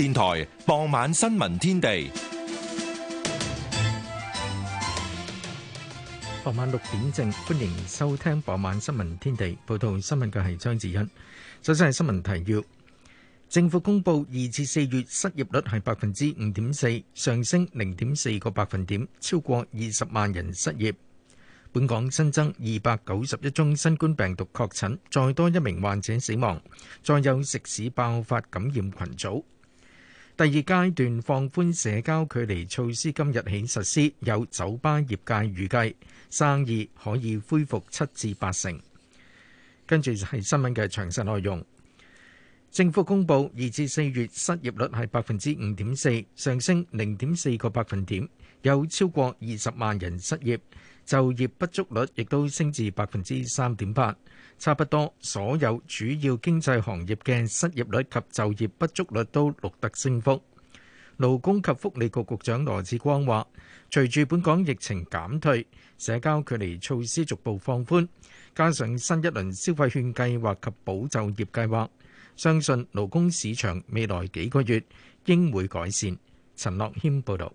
電台傍晚新聞天地，傍晚六點正，歡迎收聽傍晚新聞天地。報道新聞嘅係張子欣。首先係新聞提要：政府公布二至四月失業率係百分之五點四，上升零點四個百分點，超過二十萬人失業。本港新增二百九十一宗新冠病毒確診，再多一名患者死亡，再有食肆爆發感染群組。第二階段放寬社交距離措施今日起實施，有酒吧業界預計生意可以恢復七至八成。跟住就係新聞嘅詳細內容。政府公布二至四月失業率係百分之五點四，上升零點四個百分點，有超過二十萬人失業，就業不足率亦都升至百分之三點八。差不多所有主要經濟行業嘅失業率及就業不足率都錄得升幅。勞工及福利局局長羅志光話，隨住本港疫情減退，社交距離措施逐步放寬，加上新一輪消費券計劃及保就業計劃，相信勞工市場未來幾個月應會改善。陳樂謙報道。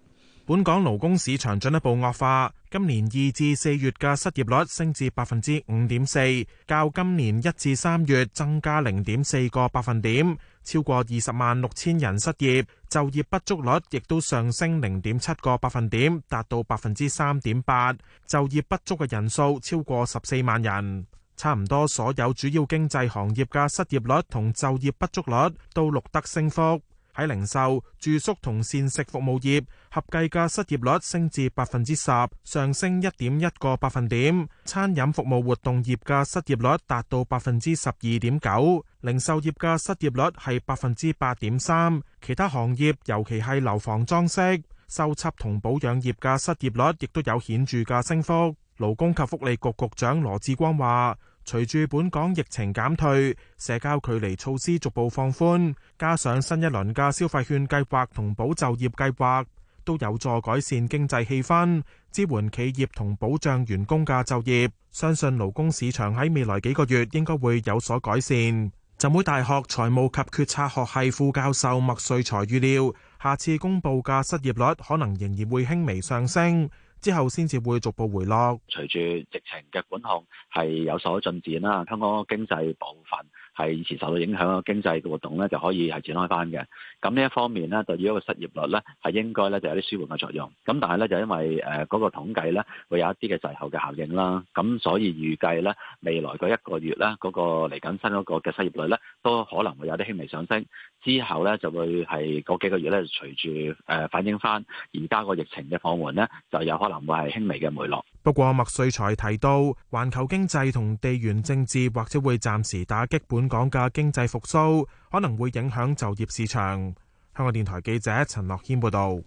本港勞工市場進一步惡化，今年二至四月嘅失業率升至百分之五點四，較今年一至三月增加零點四個百分點，超過二十萬六千人失業，就業不足率亦都上升零點七個百分點，達到百分之三點八，就業不足嘅人數超過十四萬人，差唔多所有主要經濟行業嘅失業率同就業不足率都錄得升幅。喺零售、住宿同膳食服務業合計嘅失業率升至百分之十，上升一點一個百分點，餐飲服務活動業嘅失業率達到百分之十二點九，零售業嘅失業率係百分之八點三。其他行業，尤其係樓房裝飾、修葺同保養業嘅失業率，亦都有顯著嘅升幅。勞工及福利局局局長羅志光話。隨住本港疫情減退、社交距離措施逐步放寬，加上新一輪嘅消費券計劃同保就業計劃，都有助改善經濟氣氛，支援企業同保障員工嘅就業。相信勞工市場喺未來幾個月應該會有所改善。浸會大學財務及決策學系副教授麥瑞才預料，下次公布嘅失業率可能仍然會輕微上升。之後先至會逐步回落，隨住疫情嘅管控係有所進展啦。香港經濟部分。係以前受到影響嘅經濟活動咧，就可以係轉開翻嘅。咁呢一方面呢，對於一個失業率咧，係應該咧就有啲舒緩嘅作用。咁但係咧，就因為誒嗰個統計咧，會有一啲嘅滯後嘅效應啦。咁所以預計咧，未來個一個月咧，嗰個嚟緊新嗰個嘅失業率咧，都可能會有啲輕微上升。之後咧就會係嗰幾個月咧，隨住誒反映翻而家個疫情嘅放緩咧，就有可能會係輕微嘅回落。不過麥瑞才提到，環球經濟同地緣政治或者會暫時打擊本。本港嘅經濟復甦可能會影響就業市場。香港電台記者陳樂軒報導。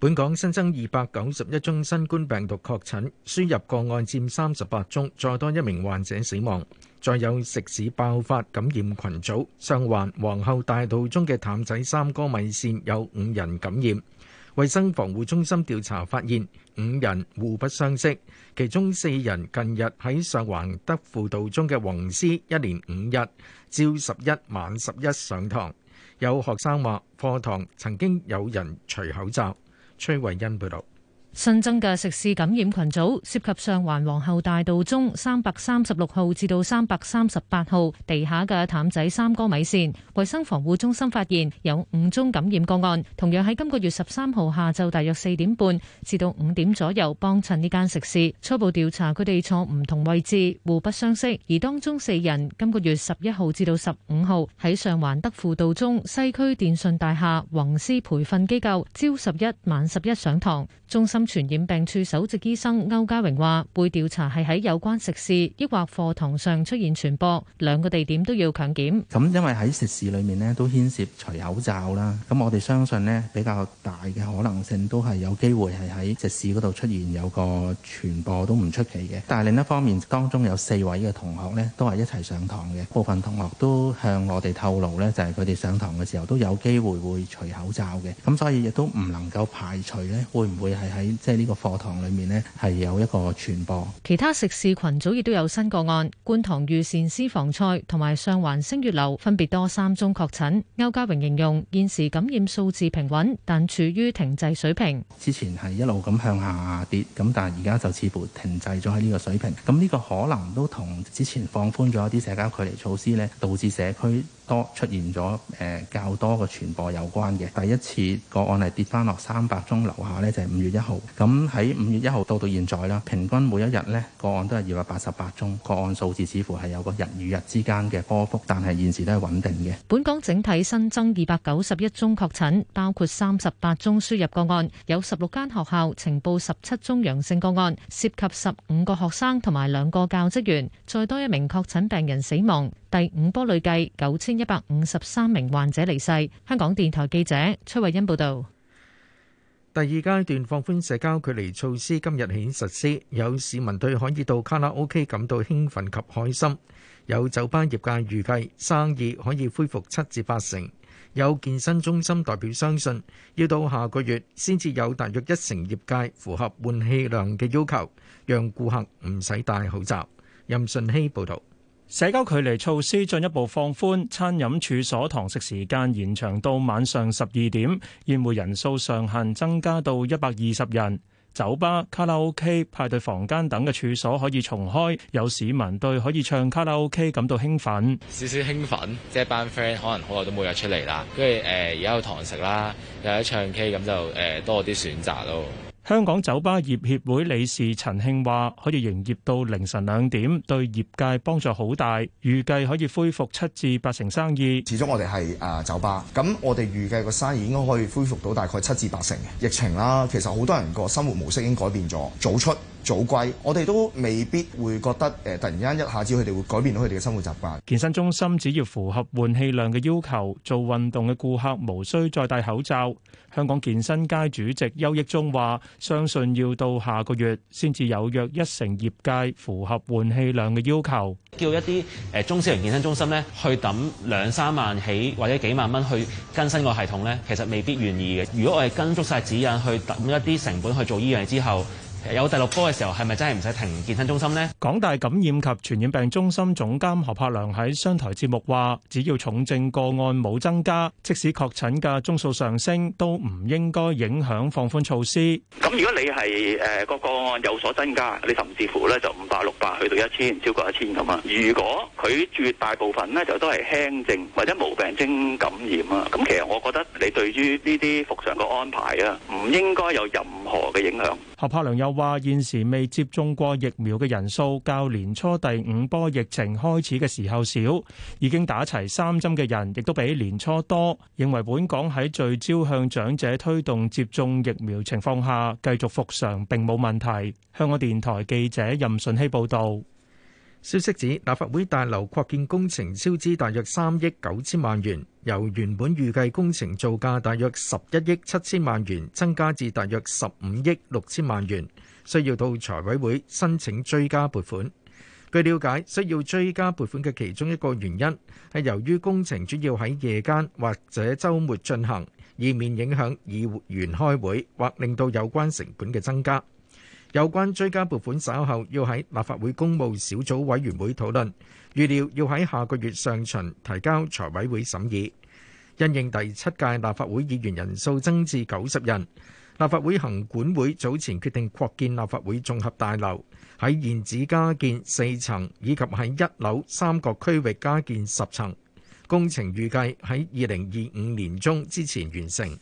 本港新增二百九十一宗新冠病毒確診，輸入個案佔三十八宗，再多一名患者死亡。再有食肆爆發感染群組，上環皇后大道中嘅譚仔三哥米線有五人感染。衛生防護中心調查發現，五人互不相識，其中四人近日喺上環德輔道中嘅黃師一連五日，朝十一晚十一上堂。有學生話，課堂曾經有人除口罩。崔慧欣報道。新增嘅食肆感染群組涉及上環皇后大道中三百三十六號至到三百三十八號地下嘅譚仔三哥米線，衛生防護中心發現有五宗感染個案，同樣喺今個月十三號下晝大約四點半至到五點左右幫襯呢間食肆。初步調查佢哋坐唔同位置，互不相識，而當中四人今個月十一號至到十五號喺上環德輔道中西區電訊大廈王師培訓機構朝十一晚十一上堂，中心。傳染病處首席醫生歐家榮話，會調查係喺有關食肆，抑或課堂上出現傳播，兩個地點都要強檢。咁因為喺食肆裏面呢，都牽涉除口罩啦。咁我哋相信呢比較大嘅可能性都係有機會係喺食肆嗰度出現有個傳播都唔出奇嘅。但係另一方面當中有四位嘅同學呢都係一齊上堂嘅，部分同學都向我哋透露呢，就係佢哋上堂嘅時候都有機會會除口罩嘅。咁所以亦都唔能夠排除呢會唔會係喺？即係呢個課堂裏面咧，係有一個傳播。其他食肆群組亦都有新個案，觀塘御膳私房菜同埋上環星月樓分別多三宗確診。歐家榮形容現時感染數字平穩，但處於停滯水平。之前係一路咁向下跌，咁但係而家就似乎停滯咗喺呢個水平。咁呢個可能都同之前放寬咗一啲社交距離措施呢導致社區多出現咗誒、呃、較多嘅傳播有關嘅。第一次個案係跌翻落三百宗樓下呢就係、是、五月一號。咁喺五月一號到到現在啦，平均每一日呢個案都係二百八十八宗，個案數字，似乎係有個日與日之間嘅波幅，但係現時都係穩定嘅。本港整體新增二百九十一宗確診，包括三十八宗輸入個案，有十六間學校呈報十七宗陽性個案，涉及十五個學生同埋兩個教職員，再多一名確診病人死亡。第五波累計九千一百五十三名患者離世。香港電台記者崔慧欣報道，第二階段放寬社交距離措施今日起實施。有市民對可以到卡拉 OK 感到興奮及開心。有酒吧業界預計生意可以恢復七至八成。有健身中心代表相信要到下個月先至有大約一成業界符合換氣量嘅要求，讓顧客唔使戴口罩。任順希報道。社交距離措施進一步放寬，餐飲處所堂食時間延長到晚上十二點，宴會人數上限增加到一百二十人。酒吧、卡拉 OK、派對房間等嘅處所可以重開。有市民對可以唱卡拉 OK 感到興奮，少少興奮，即係班 friend 可能好耐都冇約出嚟啦。跟住誒，呃，而家有堂食啦，又有唱 K，咁就誒，呃，多啲選擇咯。香港酒吧業協會理事陳慶話：可以營業到凌晨兩點，對業界幫助好大，預計可以恢復七至八成生意。始終我哋係啊酒吧，咁我哋預計個生意應該可以恢復到大概七至八成。疫情啦，其實好多人個生活模式已經改變咗，早出早歸，我哋都未必會覺得誒，突然間一下子佢哋會改變到佢哋嘅生活習慣。健身中心只要符合換氣量嘅要求，做運動嘅顧客無需再戴口罩。香港健身界主席邱益忠話，相信要到下個月先至有約一成業界符合換氣量嘅要求。叫一啲誒中小型健身中心咧，去抌兩三萬起或者幾萬蚊去更新個系統咧，其實未必願意嘅。如果我哋跟足晒指引去抌一啲成本去做呢樣嘢之後，有第六波嘅時候，係咪真係唔使停健身中心咧？港大感染及傳染病中心總監何柏良喺商台節目話，只要重症個案冇增加，即使確診嘅宗數上升，都唔應該影響放寬措施。咁如果你係誒個個案有所增加，你甚至乎咧就五百、六百去到一千，超過一千咁啊。如果佢絕大部分咧就都係輕症或者無病徵感染啊，咁其實我覺得你對於呢啲復常嘅安排啊，唔應該有任何嘅影響。何柏良又話現時未接種過疫苗嘅人數較年初第五波疫情開始嘅時候少，已經打齊三針嘅人亦都比年初多。認為本港喺聚焦向長者推動接種疫苗情況下，繼續復常並冇問題，香港電台記者任順希報道。消息指，立法會大樓擴建工程超支大約三億九千萬元，由原本預計工程造價大約十一億七千萬元，增加至大約十五億六千萬元，需要到財委會申請追加撥款。據瞭解，需要追加撥款嘅其中一個原因係由於工程主要喺夜間或者週末進行，以免影響議員開會，或令到有關成本嘅增加。有關追加撥款稍後要喺立法會公務小組委員會討論，預料要喺下個月上旬提交財委會審議。因應第七屆立法會議員人數增至九十人，立法會行管會早前決定擴建立法會綜合大樓，喺現址加建四層，以及喺一樓三個區域加建十層，工程預計喺二零二五年中之前完成。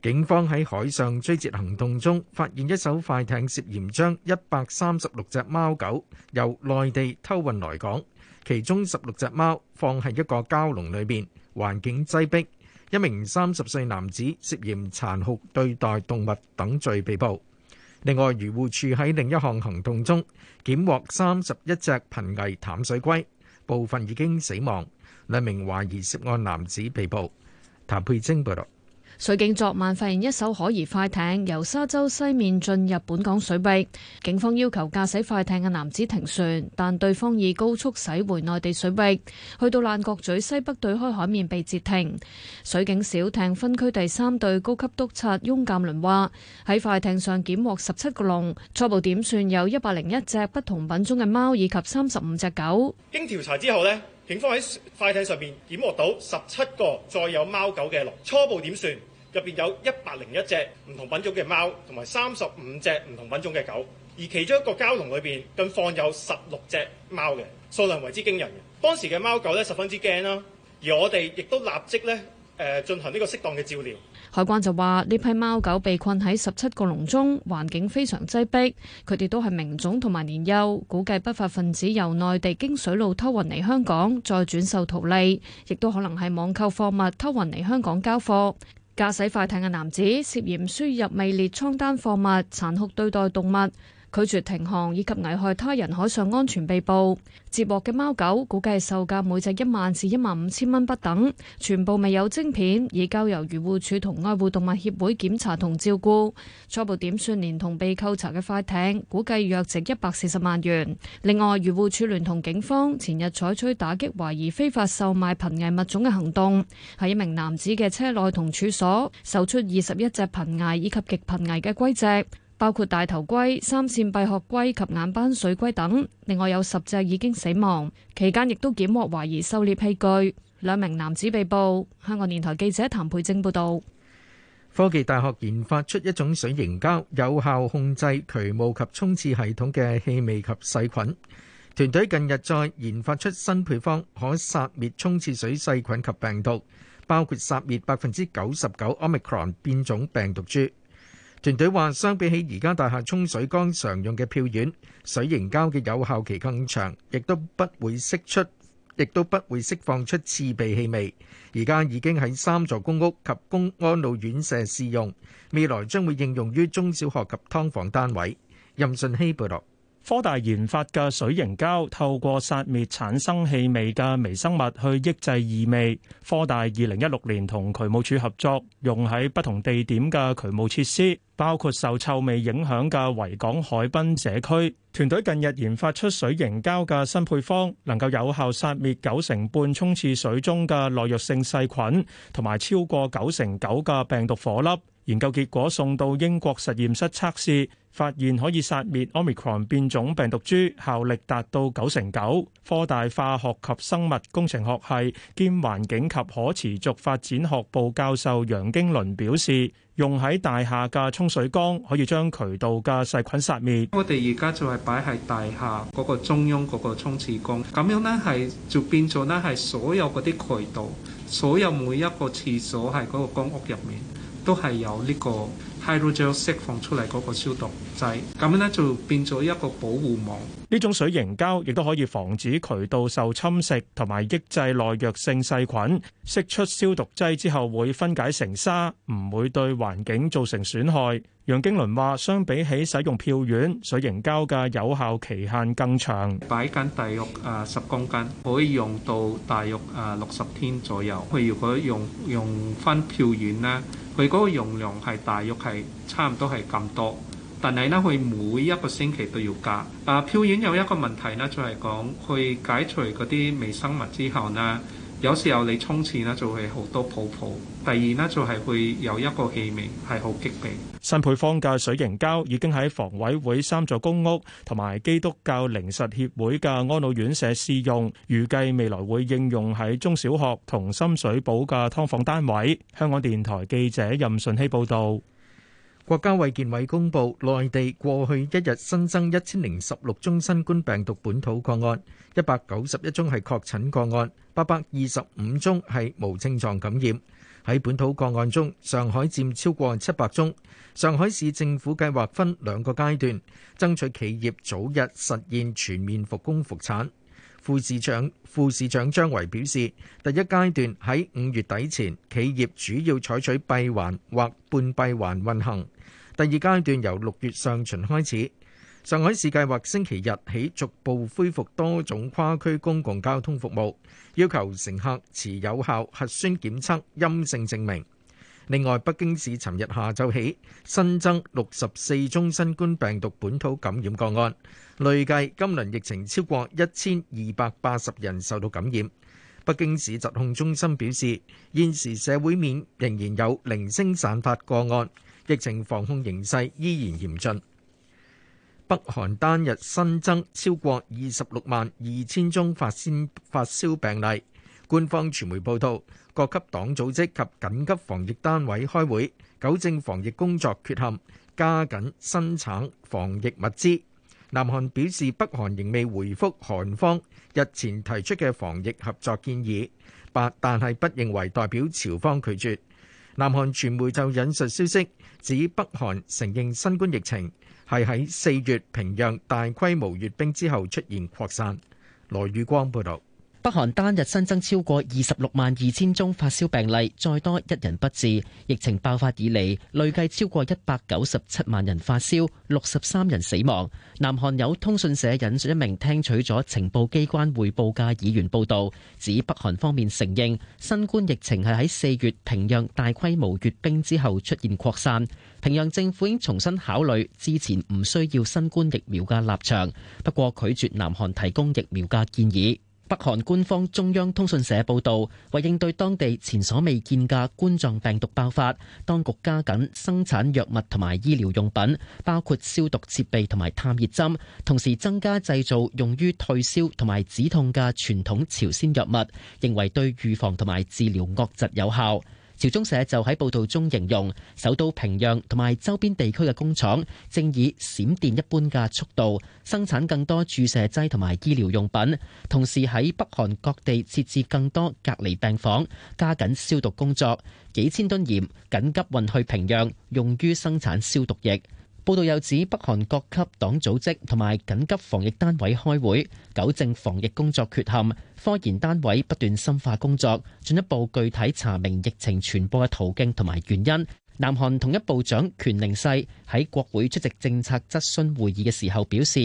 警方喺海上追截行動中，發現一艘快艇涉嫌將一百三十六隻貓狗由內地偷運來港，其中十六隻貓放喺一個膠籠裏邊，環境擠迫。一名三十歲男子涉嫌殘酷對待動物等罪被捕。另外，漁護署喺另一項行動中，檢獲三十一隻瀕危淡水龜，部分已經死亡。兩名懷疑涉案男子被捕。譚佩貞報道。水警昨晚發現一艘可疑快艇由沙洲西面進入本港水域，警方要求駕駛快艇嘅男子停船，但對方以高速駛回內地水域。去到爛角咀西北對開海面被截停，水警小艇分區第三隊高級督察翁鑑倫話：喺快艇上檢獲十七個籠，初步點算有一百零一隻不同品種嘅貓，以及三十五隻狗。經調查之後呢。警方喺快艇上面檢獲到十七個載有貓狗嘅籠，初步點算，入邊有一百零一隻唔同品種嘅貓，同埋三十五隻唔同品種嘅狗，而其中一個膠籠裏邊更放有十六隻貓嘅數量為之驚人。當時嘅貓狗咧十分之驚啦，而我哋亦都立即咧誒、呃、進行呢個適當嘅照料。海關就話：呢批貓狗被困喺十七個籠中，環境非常擠逼，佢哋都係名種同埋年幼，估計不法分子由內地經水路偷運嚟香港，再轉售圖利，亦都可能係網購貨物偷運嚟香港交貨。駕駛快艇嘅男子涉嫌輸入未列艙單貨物，殘酷對待動物。拒絕停航以及危害他人海上安全被捕，接獲嘅貓狗估計售價每隻一萬至一萬五千蚊不等，全部未有晶片，已交由漁護署同愛護動物協會檢查同照顧。初步點算，連同被扣查嘅快艇，估計約值一百四十萬元。另外，漁護署聯同警方前日採取打擊懷疑非法售賣瀕危物種嘅行動，喺一名男子嘅車內同處所搜出二十一隻瀕危以及極瀕危嘅龜隻。包括大頭龜、三線閉殼龜及眼斑水龜等，另外有十隻已經死亡。期間亦都檢獲懷疑狩獵器具，兩名男子被捕。香港電台記者譚培晶報導。科技大學研發出一種水凝膠，有效控制渠務及沖廁系統嘅氣味及細菌。團隊近日再研發出新配方，可殺滅沖廁水細菌及病毒，包括殺滅百分之九十九 Omicron 變種病毒株。團隊話，相比起而家大廈沖水缸常用嘅漂丸，水凝膠嘅有效期更長，亦都不會釋出，亦都不會釋放出刺鼻氣味。而家已經喺三座公屋及公安路院舍試用，未來將會應用於中小學及劏房單位。任信希報道。科大研發嘅水凝膠，透過殺滅產生氣味嘅微生物去抑制異味。科大二零一六年同渠務署合作，用喺不同地點嘅渠務設施，包括受臭味影響嘅維港海濱社區。團隊近日研發出水凝膠嘅新配方，能夠有效殺滅九成半沖廁水中嘅耐藥性細菌，同埋超過九成九嘅病毒顆粒。研究結果送到英國實驗室測試，發現可以殺滅 Omicron 變種病毒株，效力達到九成九。科大化學及生物工程學系兼環境及可持續發展學部教授楊經倫表示，用喺大廈嘅沖水缸可以將渠道嘅細菌殺滅。我哋而家就係擺喺大廈嗰個中央嗰個沖廁缸，咁樣呢，係就變咗呢，係所有嗰啲渠道，所有每一個廁所喺嗰個公屋入面。都係有呢個 hydrogel 釋放出嚟嗰個消毒劑，咁咧就變咗一個保護網。呢種水凝膠亦都可以防止渠道受侵蝕同埋抑制耐藥性細菌。釋出消毒劑之後會分解成沙，唔會對環境造成損害。楊經倫話：相比起使用漂丸，水凝膠嘅有效期限更長。擺緊大約啊十公斤，可以用到大約啊六十天左右。佢如果用用翻漂丸咧，佢嗰個容量係大約係差唔多係咁多。但係呢佢每一個星期都要加。啊，漂染有一個問題呢，就係講佢解除嗰啲微生物之後呢，有時候你沖廁呢，就會好多泡泡。第二呢，就係、是、會有一個氣味係好激烈。新配方嘅水凝膠已經喺房委會三座公屋同埋基督教靈實協會嘅安老院舍試用，預計未來會應用喺中小學同深水埗嘅㓥房單位。香港電台記者任順希報導。國家衛健委公佈內地過去一日新增一千零十六宗新冠病毒本土個案，一百九十一宗係確診個案，八百二十五宗係無症狀感染。喺本土個案中，上海佔超過七百宗。上海市政府計劃分兩個階段，爭取企業早日實現全面復工復產。副市長副市長，張維表示，第一階段喺五月底前，企業主要採取閉環或半閉環運行。第二階段由六月上旬開始，上海市計劃星期日起逐步恢復多種跨區公共交通服務，要求乘客持有效核酸檢測陰性證明。另外，北京市尋日下晝起新增六十四宗新冠病毒本土感染個案，累計今輪疫情超過一千二百八十人受到感染。北京市疾控中心表示，現時社會面仍然有零星散發個案，疫情防控形勢依然嚴峻。北韓單日新增超過二十六萬二千宗發先發燒病例。官方傳媒報道，各級黨組織及緊急防疫單位開會糾正防疫工作缺陷，加緊生產防疫物資。南韓表示北韓仍未回覆韓方日前提出嘅防疫合作建議，但係不認為代表朝方拒絕。南韓傳媒就引述消息指北韓承認新冠疫情係喺四月平壤大規模閱兵之後出現擴散。羅宇光報道。北韓單日新增超過二十六萬二千宗發燒病例，再多一人不治。疫情爆發以嚟，累計超過一百九十七萬人發燒，六十三人死亡。南韓有通訊社引述一名聽取咗情報機關匯報嘅議員報道，指北韓方面承認新冠疫情係喺四月平壤大規模閱兵之後出現擴散。平壤政府應重新考慮之前唔需要新冠疫苗嘅立場，不過拒絕南韓提供疫苗嘅建議。北韓官方中央通訊社報道，為應對當地前所未見嘅冠狀病毒爆發，當局加緊生產藥物同埋醫療用品，包括消毒設備同埋探熱針，同時增加製造用於退燒同埋止痛嘅傳統朝鮮藥物，認為對預防同埋治療惡疾有效。朝中社就喺報導中形容，首都平壤同埋周邊地區嘅工廠正以閃電一般嘅速度生產更多注射劑同埋醫療用品，同時喺北韓各地設置更多隔離病房，加緊消毒工作。幾千噸鹽緊急運去平壤，用於生產消毒液。報道又指北韓各級黨組織同埋緊急防疫單位開會，糾正防疫工作缺陷。科研單位不斷深化工作，進一步具體查明疫情傳播嘅途徑同埋原因。南韓統一部長權寧世喺國會出席政策質詢會議嘅時候表示，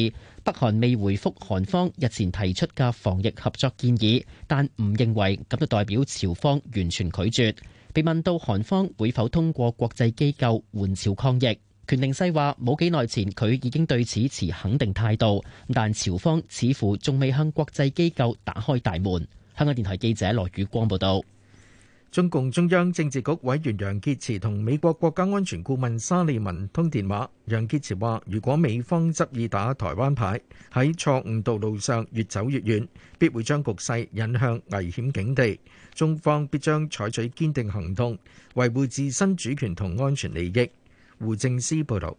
北韓未回覆韓方日前提出嘅防疫合作建議，但唔認為咁就代表朝方完全拒絕。被問到韓方會否通過國際機構援朝抗疫，權寧世話冇幾耐前，佢已經對此持肯定態度，但朝方似乎仲未向國際機構打開大門。香港電台記者羅宇光報道，中共中央政治局委員楊潔篪同美國國家安全顧問沙利文通電話。楊潔篪話：如果美方執意打台灣牌，喺錯誤道路上越走越遠，必會將局勢引向危險境地。中方必將採取堅定行動，維護自身主權同安全利益。胡正思報道。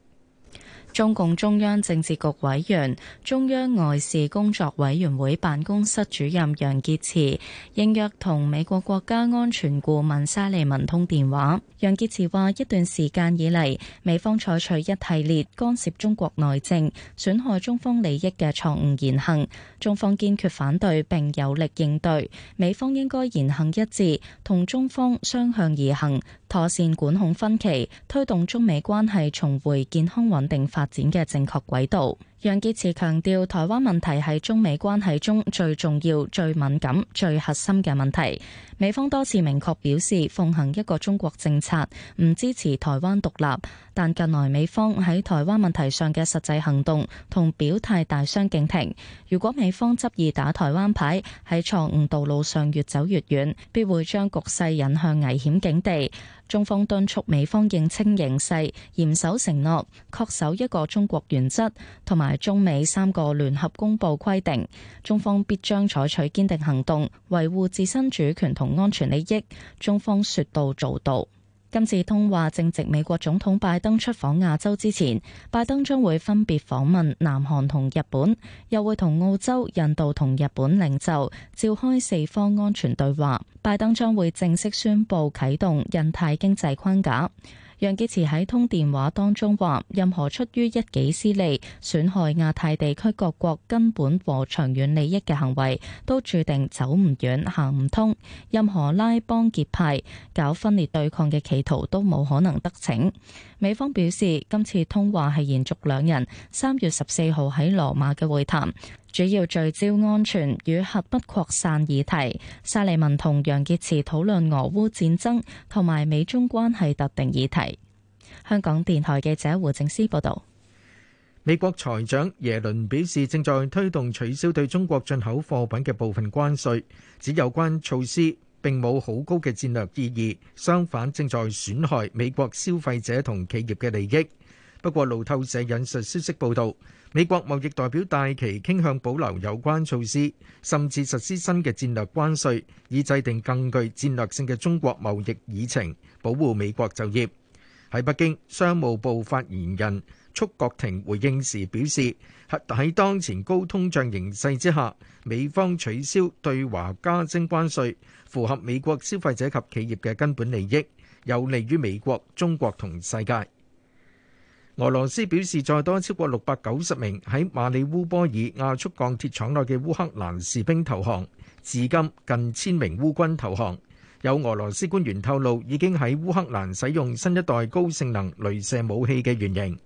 中共中央政治局委員、中央外事工作委員會辦公室主任楊潔篪應約同美國國家安全顧問沙利文通電話。楊潔篪話，一段時間以嚟，美方採取一系列干涉中國內政、損害中方利益嘅錯誤言行，中方堅決反對並有力應對，美方應該言行一致，同中方相向而行，妥善管控分歧，推動中美關係重回健康穩定發發展嘅正確軌道。楊潔篪強調，台灣問題係中美關係中最重要、最敏感、最核心嘅問題。美方多次明確表示奉行一個中國政策，唔支持台灣獨立，但近來美方喺台灣問題上嘅實際行動同表態大相徑庭。如果美方執意打台灣牌，喺錯誤道路上越走越遠，必會將局勢引向危險境地。中方敦促美方認清形勢，嚴守承諾，確守一個中國原則，同埋，中美三個聯合公佈規定，中方必將採取堅定行動，維護自身主權同安全利益。中方說到做到。今次通話正值美國總統拜登出訪亞洲之前，拜登將會分別訪問南韓同日本，又會同澳洲、印度同日本領袖召開四方安全對話。拜登將會正式宣布啟動印太經濟框架。楊潔篪喺通電話當中話，任何出於一己私利、損害亞太地區各國根本和長遠利益嘅行為，都注定走唔遠、行唔通。任何拉幫結派、搞分裂對抗嘅企圖，都冇可能得逞。美方表示，今次通話係延續兩人三月十四號喺羅馬嘅會談。主要聚焦安全與核不擴散議題，沙利文同楊潔篪討論俄烏戰爭同埋美中關係特定議題。香港電台記者胡正思報道。美國財長耶倫表示，正在推動取消對中國進口貨品嘅部分關稅，指有關措施並冇好高嘅戰略意義，相反正在損害美國消費者同企業嘅利益。不過，路透社引述消息報導，美國貿易代表戴琪傾向保留有關措施，甚至實施新嘅戰略關稅，以制定更具戰略性嘅中國貿易議程，保護美國就業。喺北京，商務部發言人束珏婷回應時表示，喺當前高通脹形勢之下，美方取消對華加徵關稅，符合美國消費者及企業嘅根本利益，有利於美國、中國同世界。俄羅斯表示，再多超過六百九十名喺馬里烏波爾亞速鋼鐵廠內嘅烏克蘭士兵投降，至今近千名烏軍投降。有俄羅斯官員透露，已經喺烏克蘭使用新一代高性能雷射武器嘅原型。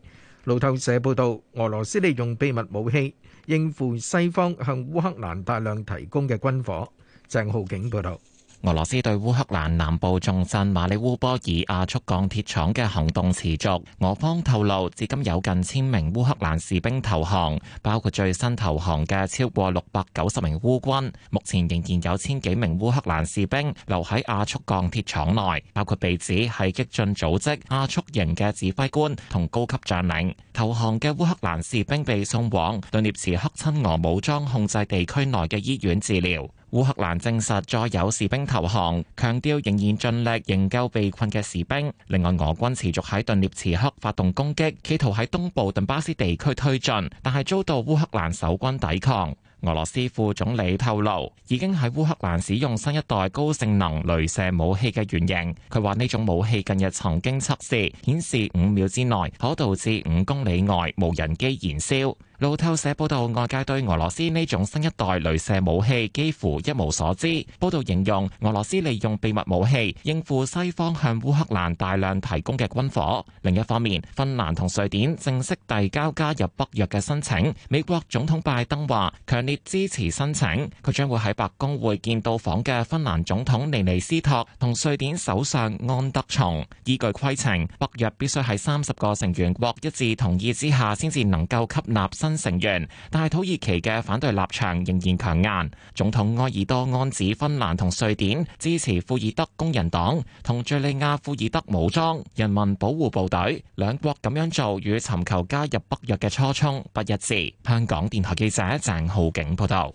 路透社報道，俄羅斯利用秘密武器應付西方向烏克蘭大量提供嘅軍火。鄭浩景報道。俄羅斯對烏克蘭南部重鎮馬里烏波爾亞速鋼鐵廠嘅行動持續，俄方透露，至今有近千名烏克蘭士兵投降，包括最新投降嘅超過六百九十名烏軍。目前仍然有千幾名烏克蘭士兵留喺亞速鋼鐵廠內，包括被指係激進組織亞速營嘅指揮官同高級將領。投降嘅烏克蘭士兵被送往頓涅茨克親俄武裝控制地區內嘅醫院治療。烏克蘭證實再有士兵投降，強調仍然盡力營救被困嘅士兵。另外，俄軍持續喺頓涅茨克發動攻擊，企圖喺東部頓巴斯地區推進，但係遭到烏克蘭守軍抵抗。俄羅斯副總理透露，已經喺烏克蘭使用新一代高性能鐳射武器嘅原型。佢話呢種武器近日曾經測試，顯示五秒之內可導致五公里外無人機燃燒。路透社報道，外界對俄羅斯呢種新一代鐳射武器幾乎一無所知。報道形容俄羅斯利用秘密武器應付西方向烏克蘭大量提供嘅軍火。另一方面，芬蘭同瑞典正式遞交加入北約嘅申請。美國總統拜登話：強烈支持申請。佢將會喺白宮會見到訪嘅芬蘭總統尼尼斯托同瑞典首相安德松。依據規程，北約必須喺三十個成員國一致同意之下，先至能夠吸納新新成員，但係土耳其嘅反對立場仍然強硬。總統埃爾多安指芬蘭同瑞典支持庫爾德工人黨同敘利亞庫爾德武裝人民保護部隊，兩國咁樣做與尋求加入北約嘅初衷不一致。香港電台記者鄭浩景報道。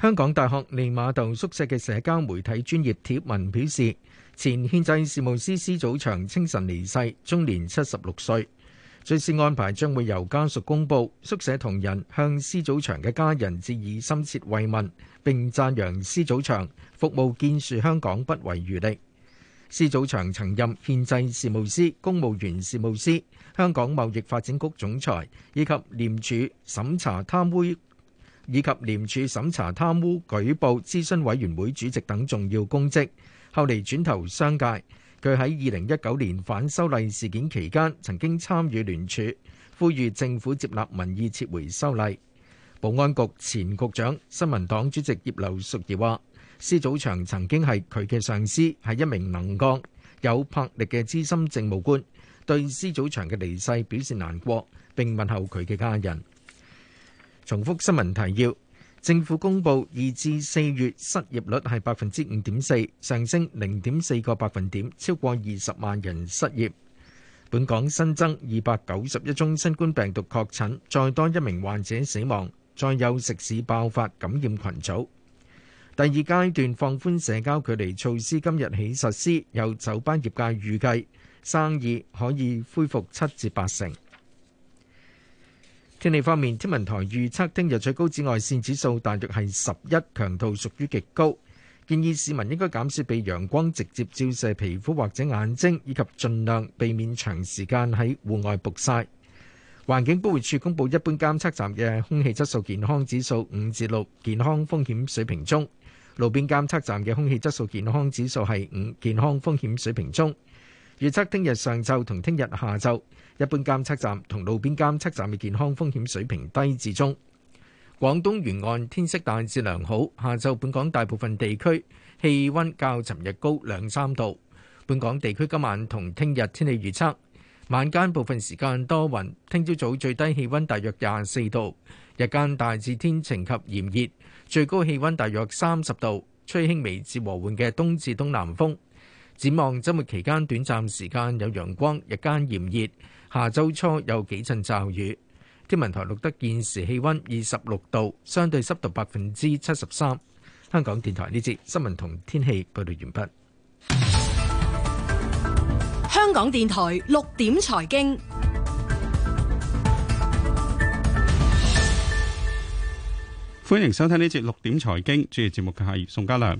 香港大學利瑪竇宿舍嘅社交媒體專頁貼文表示，前憲制事務司司長清晨離世，終年七十六歲。追思安排將會由家屬公佈，宿舍同人向施祖祥嘅家人致以深切慰問，並讚揚施祖祥服務建樹香港不遺餘力。施祖祥曾任憲制事務司、公務員事務司、香港貿易發展局總裁，以及廉署審查貪污以及廉署審查貪污舉報諮詢委員會主席等重要公職，後嚟轉投商界。佢喺二零一九年反修例事件期間曾經參與聯署，呼籲政府接納民意，撤回修例。保安局前局長、新民黨主席葉劉淑儀話，施祖祥曾經係佢嘅上司，係一名能幹、有魄力嘅資深政務官，對施祖祥嘅離世表示難過，並問候佢嘅家人。重複新聞提要。政府公布二至四月失業率係百分之五點四，上升零點四個百分點，超過二十萬人失業。本港新增二百九十一宗新冠病毒確診，再多一名患者死亡，再有食肆爆發感染群組。第二階段放寬社交距離措施今日起實施，有酒吧業界預計生意可以恢復七至八成。天氣方面，天文台預測聽日最高紫外線指數大約係十一，強度屬於極高，建議市民應該減少被陽光直接照射皮膚或者眼睛，以及盡量避免長時間喺戶外曝曬。環境保護署公布一般監測站嘅空氣質素健康指數五至六，健康風險水平中；路邊監測站嘅空氣質素健康指數係五，健康風險水平中。預測聽日上晝同聽日下晝，一般監測站同路邊監測站嘅健康風險水平低至中。廣東沿岸天色大致良好，下晝本港大部分地區氣温較尋日高兩三度。本港地區今晚同聽日天氣預測，晚間部分時間多雲，聽朝早最低氣温大約廿四度，日間大致天晴及炎熱，最高氣温大約三十度，吹輕微至和緩嘅東至東南風。展望周末期間短暫時間有陽光，日間炎熱。下周初有幾陣驟雨。天文台錄得現時氣溫二十六度，相對濕度百分之七十三。香港電台呢節新聞同天氣報道完畢。香港電台六點財經，歡迎收聽呢節六點財經。主要節目嘅係宋家良。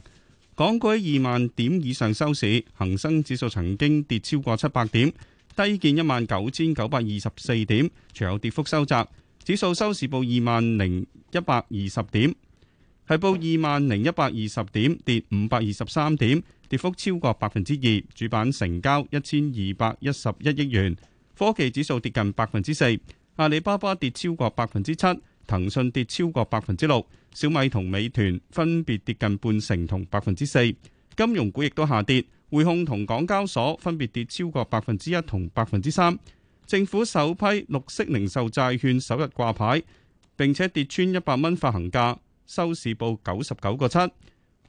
港股喺二萬點以上收市，恒生指數曾經跌超過七百點，低見一萬九千九百二十四點，隨後跌幅收窄，指數收市報二萬零一百二十點，係報二萬零一百二十點，跌五百二十三點，跌幅超過百分之二。主板成交一千二百一十一億元，科技指數跌近百分之四，阿里巴巴跌超過百分之七。騰訊跌超過百分之六，小米同美團分別跌近半成同百分之四，金融股亦都下跌，匯控同港交所分別跌超過百分之一同百分之三。政府首批綠色零售債券首日掛牌，並且跌穿一百蚊發行價，收市報九十九個七。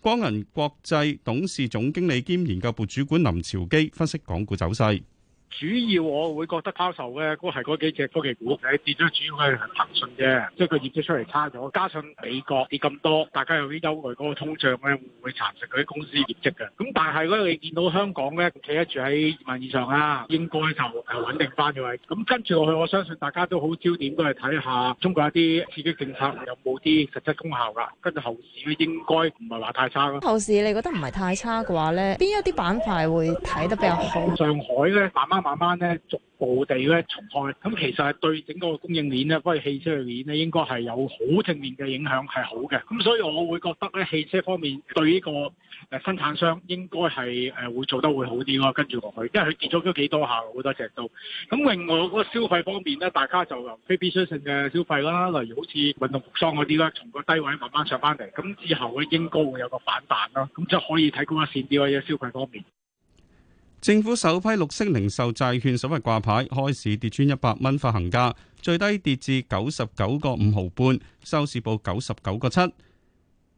光銀國際董事總經理兼研究部主管林朝基分析港股走勢。主要我會覺得拋售嘅都係嗰幾隻科技股，跌咗主要係騰訊啫，即係佢業績出嚟差咗，加上美國跌咁多，大家有啲憂慮嗰個通脹咧會唔會蠶食佢啲公司業績嘅？咁但係如果你見到香港咧企得住喺二萬以上啦，應該就係穩定翻咗嘅。咁、嗯、跟住落去，我相信大家都好焦點都係睇下中國一啲刺激政策有冇啲實質功效啦。跟住後市應該唔係話太差啦。後市你覺得唔係太差嘅話咧，邊一啲板塊會睇得比較好？上海咧，慢慢。慢慢咧，逐步地咧重開，咁其實係對整個供應鏈咧，包括汽車嘅鏈咧，應該係有好正面嘅影響，係好嘅。咁所以我會覺得咧，汽車方面對呢個誒生產商應該係誒會做得會好啲咯，跟住落去，因為佢跌咗都幾多下，好多隻都。咁另外嗰個消費方面咧，大家就由非必需性嘅消費啦，例如好似運動服裝嗰啲啦，從個低位慢慢上翻嚟，咁之後咧應該會有個反彈啦，咁就可以提供一線啲咯，喺消費方面。政府首批綠色零售債券首日掛牌，開市跌穿一百蚊發行價，最低跌至九十九個五毫半，收市報九十九個七。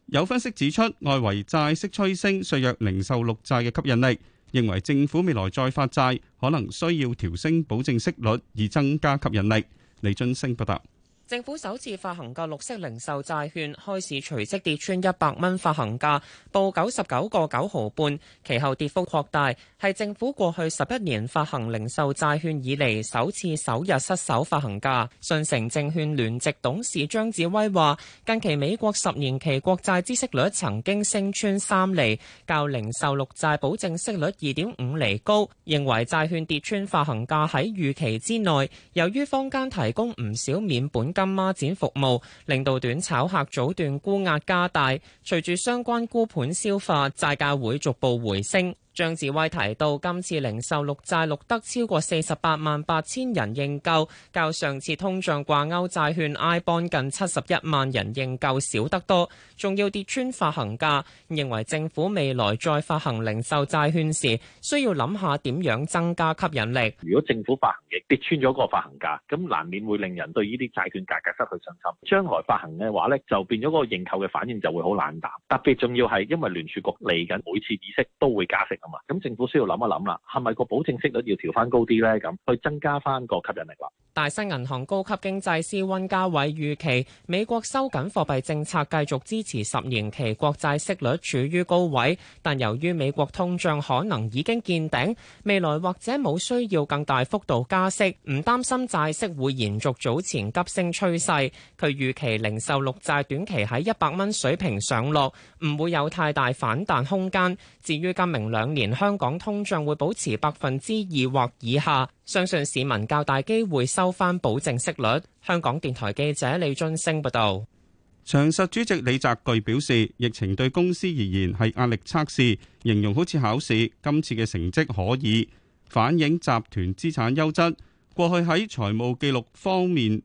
有分析指出，外圍債息趨升，削弱零售綠債嘅吸引力，認為政府未來再發債可能需要調升保證息率，以增加吸引力。李俊升報道。政府首次發行嘅綠色零售債券開始隨即跌穿一百蚊發行價，報九十九個九毫半，其後跌幅擴大，係政府過去十一年發行零售債券以嚟，首次首日失守發行價。信誠證券聯席董事張志威話，近期美國十年期國債孳息率曾經升穿三厘，較零售綠債保證息率二點五厘高，認為債券跌穿發行價喺預期之內，由於坊間提供唔少免本金孖展服務令到短炒客早段沽壓加大，隨住相關沽盤消化，債價會逐步回升。張志威提到，今次零售綠債錄得超過四十八萬八千人認購，較上次通脹掛鈎債券 iBond 近七十一萬人認購少得多，仲要跌穿發行價，認為政府未來再發行零售債券時，需要諗下點樣增加吸引力。如果政府發行亦跌穿咗個發行價，咁難免會令人對呢啲債券價格失去信心。將來發行嘅話呢就變咗個認購嘅反應就會好冷淡，特別重要係因為聯儲局嚟緊每次議息都會加息。咁，政府需要諗一諗啦，係咪個保證息率要調翻高啲咧？咁去增加翻個吸引力啦。大新銀行高級經濟師温家偉，預期美國收緊貨幣政策繼續支持十年期國債息率處於高位，但由於美國通脹可能已經見頂，未來或者冇需要更大幅度加息，唔擔心債息會延續早前急升趨勢。佢預期零售綠債短期喺一百蚊水平上落，唔會有太大反彈空間。至於今明兩年香港通脹會保持百分之二或以下。相信市民較大機會收翻保證息率。香港電台記者李津升報道：「長實主席李澤鉅表示，疫情對公司而言係壓力測試，形容好似考試。今次嘅成績可以反映集團資產優質，過去喺財務記錄方面、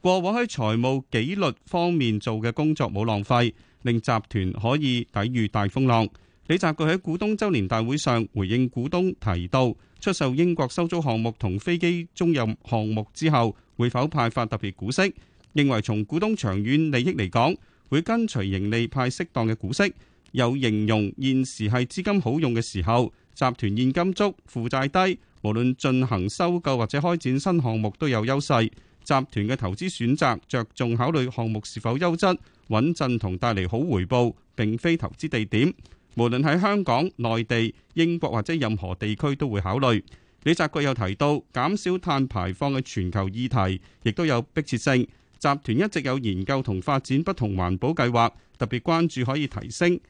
過往喺財務紀律方面做嘅工作冇浪費，令集團可以抵禦大風浪。李澤钜喺股東周年大會上回應股東提到，出售英國收租項目同飛機租賃項目之後，會否派發特別股息？認為從股東長遠利益嚟講，會跟隨盈利派適當嘅股息。又形容現時係資金好用嘅時候，集團現金足、負債低，無論進行收購或者開展新項目都有優勢。集團嘅投資選擇着重考慮項目是否優質、穩陣同帶嚟好回報，並非投資地點。無論喺香港、內地、英國或者任何地區，都會考慮。李澤鉅又提到減少碳排放嘅全球議題，亦都有迫切性。集團一直有研究同發展不同環保計劃，特別關注可以提升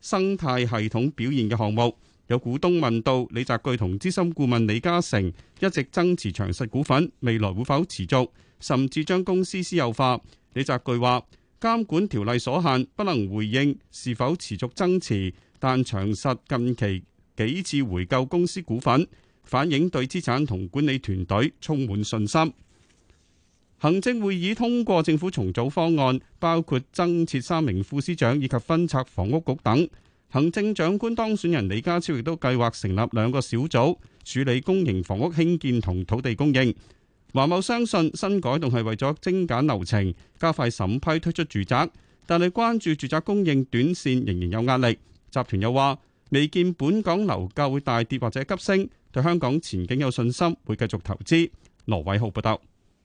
生態系統表現嘅項目。有股東問到李澤鉅同資深顧問李嘉誠一直增持長實股份，未來會否持續，甚至將公司私有化？李澤鉅話監管條例所限，不能回應是否持續增持。但長實近期幾次回購公司股份，反映對資產同管理團隊充滿信心。行政會議通過政府重組方案，包括增設三名副司長以及分拆房屋局等。行政長官當選人李家超亦都計劃成立兩個小組，處理公營房屋興建同土地供應。華茂相信新改動係為咗精簡流程，加快審批推出住宅，但係關注住宅供應短線仍然有壓力。集團又話，未見本港樓價會大跌或者急升，對香港前景有信心，會繼續投資。羅偉浩報導。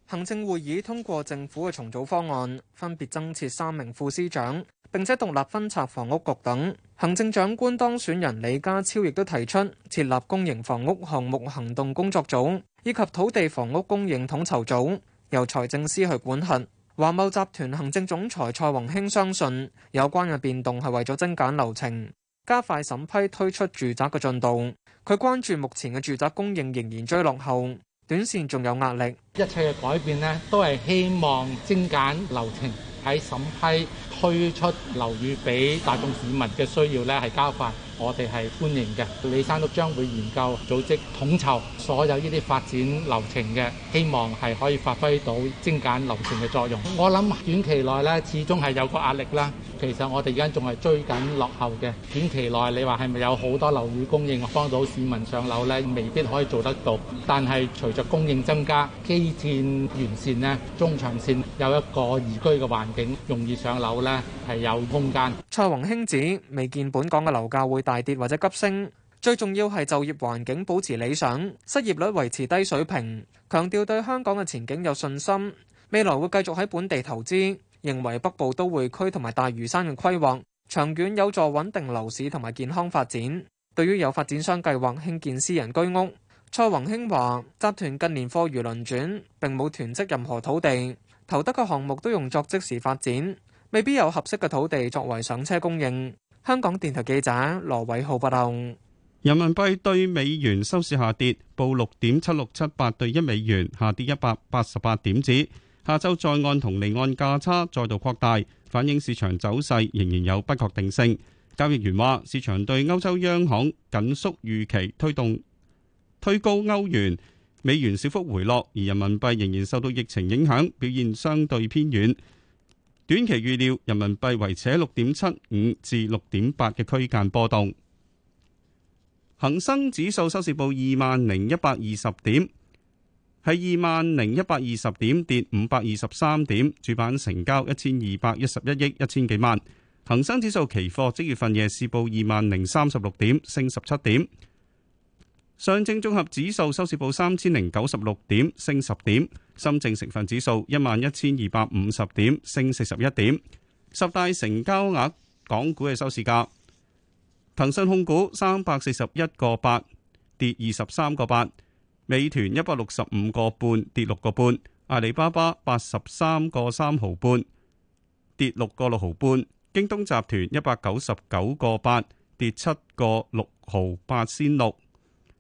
行政會議通過政府嘅重組方案，分別增設三名副司長，並且獨立分拆房屋局等。行政長官當選人李家超亦都提出設立公營房屋項目行動工作組，以及土地房屋供應統籌組，由財政司去管轄。華懋集團行政總裁蔡宏興相信有關嘅變動係為咗精簡流程，加快審批推出住宅嘅進度。佢關注目前嘅住宅供應仍然追落後，短線仲有壓力。一切嘅改變呢，都係希望精簡流程，喺審批推出樓宇俾大眾市民嘅需要咧係加快。我哋係歡迎嘅，李生都將會研究組織、統籌所有呢啲發展流程嘅，希望係可以發揮到精簡流程嘅作用。我諗短期內咧，始終係有個壓力啦。其實我哋而家仲係追緊落後嘅，短期內你話係咪有好多樓宇供應幫到市民上樓呢，未必可以做得到。但係隨著供應增加、基建完善呢，中長線有一個宜居嘅環境，容易上樓呢，係有空間。蔡宏興指未見本港嘅樓價會大跌或者急升，最重要係就業環境保持理想，失業率維持低水平，強調對香港嘅前景有信心，未來會繼續喺本地投資。認為北部都會區同埋大嶼山嘅規劃，長遠有助穩定樓市同埋健康發展。對於有發展商計劃興建私人居屋，蔡宏興話集團近年貨如輪轉，並冇囤積任何土地。投得嘅項目都用作即時發展，未必有合適嘅土地作為上車供應。香港電台記者羅偉浩報道。人民幣對美元收市下跌，報六點七六七八對一美元，下跌一百八十八點子。下週在岸同離岸價差再度擴大，反映市場走勢仍然有不確定性。交易員話：市場對歐洲央行緊縮預期推動推高歐元，美元小幅回落，而人民幣仍然受到疫情影響，表現相對偏軟。短期預料人民幣維持喺六點七五至六點八嘅區間波動。恒生指數收市報二萬零一百二十點。係二萬零一百二十點，跌五百二十三點，主板成交一千二百一十一億一千幾萬。恒生指數期貨即月份夜市報二萬零三十六點，升十七點。上證綜合指數收市報三千零九十六點，升十點。深證成分指數一萬一千二百五十點，升四十一點。十大成交額港股嘅收市價，騰訊控股三百四十一個八，跌二十三個八。美團一百六十五個半跌六個半，阿里巴巴八十三個三毫半跌六個六毫半，京東集團一百九十九個八跌七個六毫八仙六，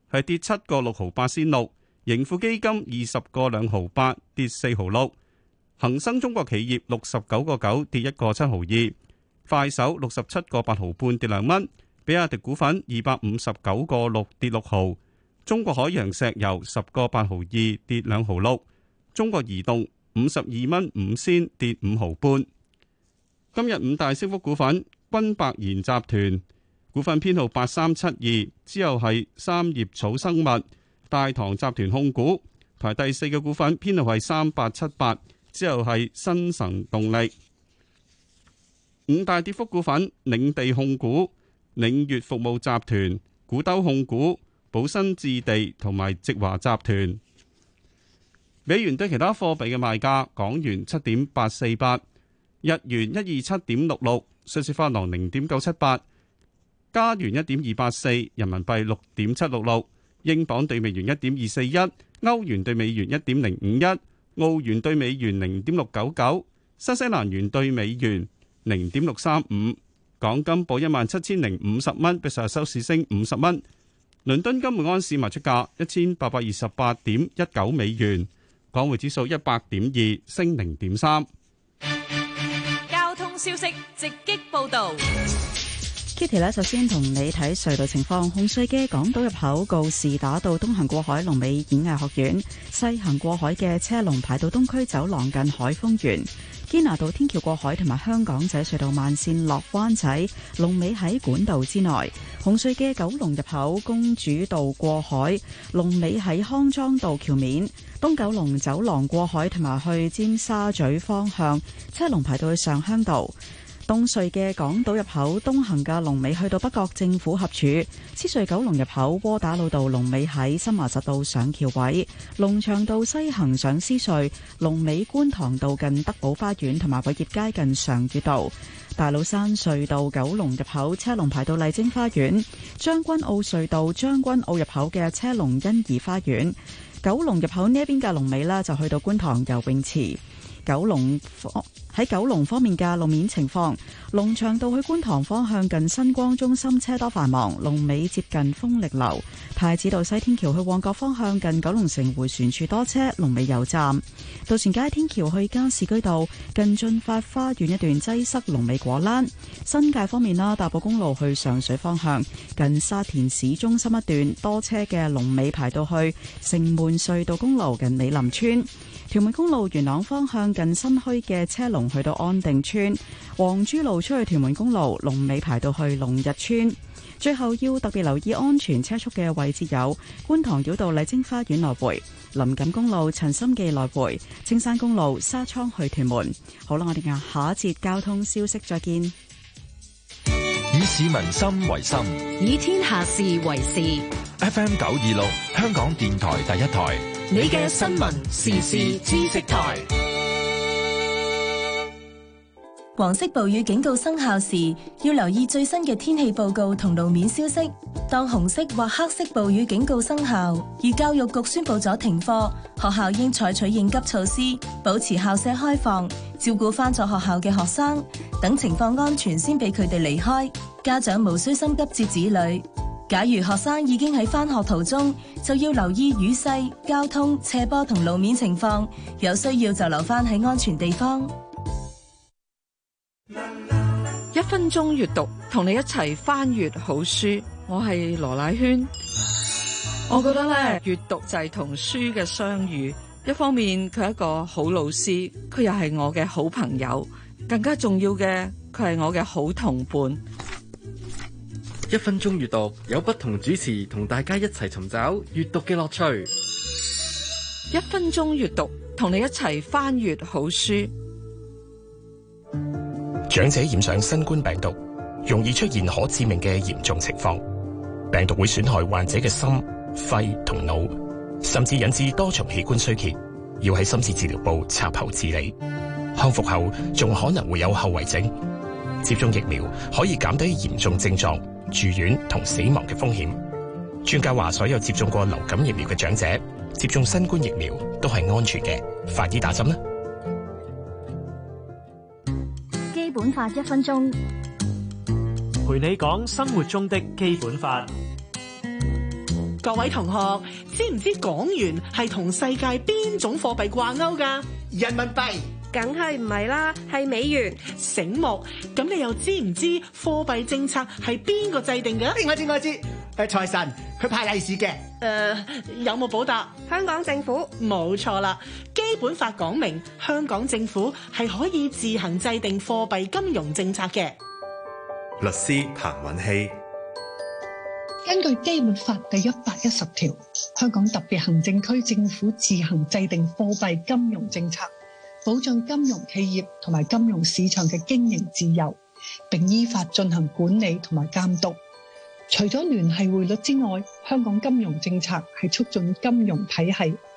係跌七個六毫八仙六，盈富基金二十個兩毫八跌四毫六，恒生中國企業六十九個九跌一個七毫二，快手六十七個八毫半跌兩蚊，比亞迪股份二百五十九個六跌六毫。中國海洋石油十個八毫二跌兩毫六，中國移動五十二蚊五仙跌五毫半。今日五大升幅股份：君百賢集團股份編號八三七二，之後係三葉草生物、大唐集團控股排第四嘅股份編號係三八七八，之後係新晨動力。五大跌幅股份：領地控股、領悅服務集團、古兜控股。寶新置地同埋積華集團。美元對其他貨幣嘅賣價：港元七點八四八，日元一二七點六六，瑞士法郎零點九七八，加元一點二八四，人民幣六點七六六，英鎊對美元一點二四一，歐元對美元一點零五一，澳元對美元零點六九九，新西蘭元對美元零點六三五。港金報一萬七千零五十蚊，比上日收市升五十蚊。倫敦金每安士賣出價一千八百二十八點一九美元，港匯指數一百點二升零點三。交通消息直擊報道，Kitty 首先同你睇隧道情況，紅隧嘅港島入口告士打道東行過海，龍尾演藝學院；西行過海嘅車龍排到東區走廊近海峰園。堅拿道天橋過海同埋香港仔隧道慢線落灣仔龍尾喺管道之內，紅隧嘅九龍入口公主道過海龍尾喺康莊道橋面，東九龍走廊過海同埋去尖沙咀方向，車龍排到去上鄉道。東隧嘅港島入口東行嘅龍尾去到北角政府合署；獅隧九龍入口窩打老道龍尾喺森麻實道上橋位；龍翔道西行上獅隧龍尾觀塘道近德寶花園同埋偉業街近常悅道；大老山隧道九龍入口車龍排到麗晶花園；將軍澳隧道將軍澳入口嘅車龍欣怡花園；九龍入口呢邊嘅龍尾呢，就去到觀塘游泳池。九龍方喺九龍方面嘅路面情況，龍翔道去觀塘方向近新光中心車多繁忙，龍尾接近豐力樓；太子道西天橋去旺角方向近九龍城回旋處多車，龍尾油站；渡船街天橋去加士居道近駿發花園一段擠塞，龍尾果欄。新界方面啦，大埔公路去上水方向近沙田市中心一段多車嘅龍尾排到去城門隧道公路近美林村。屯門公路元朗方向近新墟嘅車龍去到安定村，黃珠路出去屯門公路龍尾排到去龍日村，最後要特別留意安全車速嘅位置有觀塘繞道麗晶花園來回，林錦公路陳心記來回，青山公路沙涌去屯門。好啦，我哋啊下一節交通消息再見。以市民心為心，以天下事為事。FM 九二六，香港電台第一台，你嘅新聞時事知識台。黃色暴雨警告生效時，要留意最新嘅天氣報告同路面消息。當紅色或黑色暴雨警告生效，而教育局宣佈咗停課，學校應採取應急措施，保持校舍開放，照顧翻咗學校嘅學生，等情況安全先俾佢哋離開。家長無需心急接子女。假如學生已經喺翻學途中，就要留意雨勢、交通、斜坡同路面情況，有需要就留翻喺安全地方。一分鐘閱讀，同你一齊翻閱好書。我係羅乃萱，我覺得咧閱讀就係同書嘅相遇。一方面，佢係一個好老師，佢又係我嘅好朋友，更加重要嘅佢係我嘅好同伴。一分鐘閱讀有不同主持同大家一齊尋找閱讀嘅樂趣。一分鐘閱讀同你一齊翻閱好書。長者染上新冠病毒，容易出現可致命嘅嚴重情況。病毒會損害患者嘅心、肺同腦，甚至引致多重器官衰竭，要喺深切治療部插喉治理。康復後仲可能會有後遺症。接種疫苗可以減低嚴重症狀。住院同死亡嘅風險，專家話所有接種過流感疫苗嘅長者，接種新冠疫苗都係安全嘅，快啲打針啦！基本法一分鐘，陪你講生活中的基本法。各位同學，知唔知港元係同世界邊種貨幣掛鈎㗎？人民幣。梗係唔係啦，係美元醒目。咁你又知唔知貨幣政策係邊個制定㗎？我知我知，誒、呃、財神佢派利是嘅。誒、呃，有冇補答？香港政府冇錯啦。基本法講明，香港政府係可以自行制定貨幣金融政策嘅。律師彭允希，根據基本法第一百一十條，香港特別行政區政府自行制定貨幣金融政策。保障金融企業同埋金融市場嘅經營自由，並依法進行管理同埋監督。除咗聯繫匯率之外，香港金融政策係促進金融體系。